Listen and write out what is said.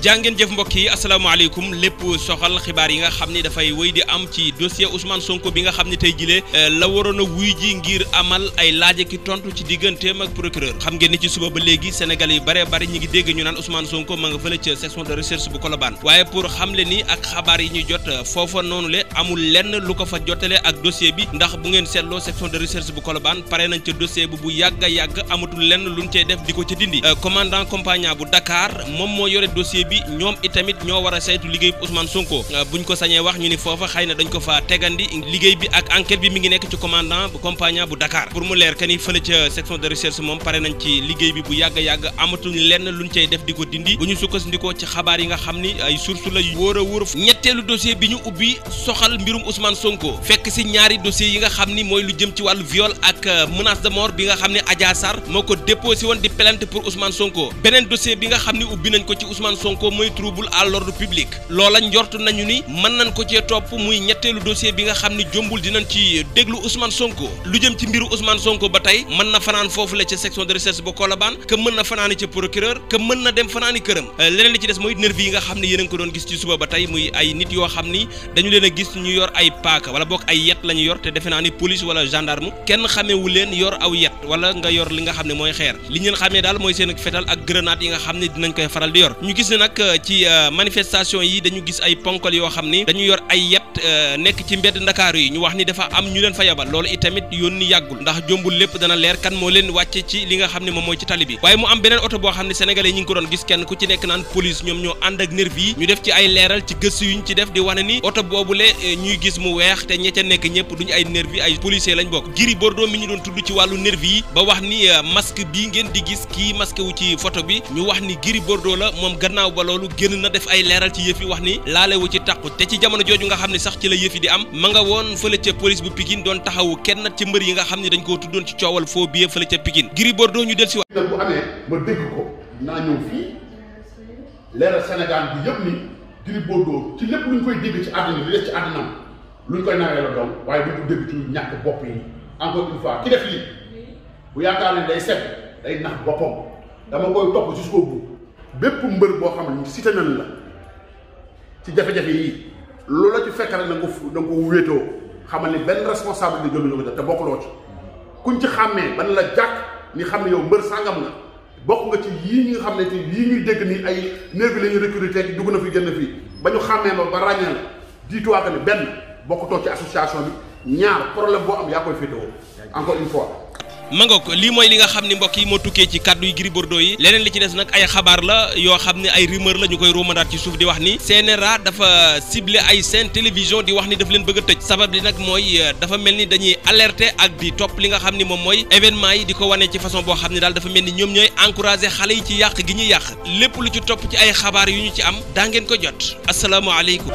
jàngeen jëf mbokk yi asalaamaaleykum lépp soxal xibaar yi nga xam ni dafay woy di am ci dossier Ousmane Sonko bi nga xam ni tey jile eh, la waroon a wuy ji ngir amal ay laaje ki tontu ci digganteem ak procureur xam ngeen ni ci suba ba léegi Sénégal yi bare bare ñi ngi dégg ñu naan Ousmane Sonko ma nga fële ca section de recherche bu Colobane waaye pour xamle ni ak xabaar yi ñu jot eh, foofa noonu le amul lenn lu ko fa jotale ak dossier bi ndax bu ngeen seetloo section de recherche bu Colobane pare nañ ca dossier bi bu yàgg a yàgg lenn luñ def di ko ca dindi euh, commandant compagnie bu Dakar moom moo yore dossier bi ñoom itamit ñoo war a saytu liggéey bu Ousmane Sonko euh, buñ ko sañee wax ñu ni foofa xëy na dañ ko fa tegandi liggéey bi ak enquête bi mi ngi nekk ci commandant bu compagnie bu Dakar pour mu leer kani fële ca section de recherche moom pare nañ ci liggéey bi bu yàgg a yàgg amatul lenn luñ cey def di ko dindi bu ci xabaar yi nga xam ni ay source la yu wóor a ñetteelu dossier bi ñu ubbi soxal soxal mbirum Ousmane Sonko fekk si ñaari dossiers yi nga xam ni mooy lu jëm ci wàllu viol ak euh, menace de mort bi nga xam ne Adja moo ko déposé woon di plainte pour Ousmane Sonko beneen dossier bi nga xam ni ubbi nañ ko ci Ousmane Sonko mooy trouble à l'ordre public loola njort nañu ni mën nañ ko cee topp muy ñetteelu dossier bi nga xam ni jombul dinañ ci déglu Ousmane Sonko lu jëm ci mbiru Ousmane Sonko ba tey mën na fanaan foofu la ca section de recherche euh, ba Colobane gis ñu yor ay paaka wala boog ay yet la ñu yor te defe naa ni police wala gendarme kenn xamewu leen yor aw yet wala nga yor li nga xam ne mooy xeer li ngeen xamee daal mooy seen fetal ak grenade yi nga xam ne dinañ koy faral di yor ñu gis euh, euh, yi dañu gis ay ponkal yoo xam ni dañu yor ay yet euh, nekk ci mbedd ndakaaru yi ñu wax ni dafa am ñu leen fa yabal loolu itamit yónni yàggul ndax jombul lépp dana leer kan moo leen wàcce ci li nga xam ne moom mooy ci tali bi waaye mu am beneen oto boo xam ne sénégalais ñi ngi ko doon gis kenn ku ci nekk naan police ñoom ñoo ànd ak ci ay leeral ci gëstu yuñ ci def di wane ni oto boobule Eh, ñuy gis mu weex te ña ca nekk ñëpp duñu ay nervi ay policier lañ bokk Gris Bordeaux mi ñu doon tudd ci wàllu nervi yi ba wax ni eh, masque bi ngeen di gis kii masque wu ci photo bi ñu wax ni Gris Bordeaux la moom gannaaw ba loolu génn na def ay leeral ci yëf yi wax ni laale wu ci tàqu te ci jamono jooju nga xam ne sax ci la yëf yi di am ma nga woon fële ca police bu Pikine doon taxawu kenn ci mbër yi nga xam ne dañ koo tuddoon ci coowal foo biyee fële ca p Gris Bordeaux ñu del si wax bu amee Gris Bordeaux ci lépp lu ñu koy dégg ci àddina li des ci àddinaam lu ñu koy nawee la doom waaye bu ko dégg ci ñàkk bopp yi encore une fois ki def lii bu yaakaar ne day set day nax boppam dama koy topp jusqu'au bout bépp mbër boo xam ne cité nañ la ci jafe-jafe yi loolu la ci fekk rek na nga ko da nga ko wéetoo xamal ni benn responsable bi gënu la ko te bokkuloo ci kuñ ci xàmmee ban la jàkk ni xam ne yow mbër sàngam la bokk nga ci yii ñi nga xam ne ci yii ñuy dégg nii ay néegi la ñuy recruter dugg na fi génn fii ba ñu xàmmee loolu ba ràññee la diituwaat ne benn bokkutoo ci association bi ñaar problème boo am yaa koy féetewoo encore une fois mangook nga lii mooy li nga xam ni mbokk yi moo tukkee ci kàddu yi Gris Bordeaux yi leneen li ci des nag ay xabaar la yoo xam ne ay rumeur la ñu koy ruumandaat ci suuf di wax ni CNRA dafa ciblé ay seen télévision di wax ni daf leen bëgg a tëj sabab li nag mooy euh, dafa mel ni dañuy alerter ak di topp li nga xam ni moom mooy événement yi di ko wanee ci façon boo xam ne daal dafa mel ni ñoom ñooy encouragé xale yi ci yàq gi ñuy yàq lépp lu ci topp ci ay xabaar yu ñu ci am daa ngeen ko jot asalaamaaleykum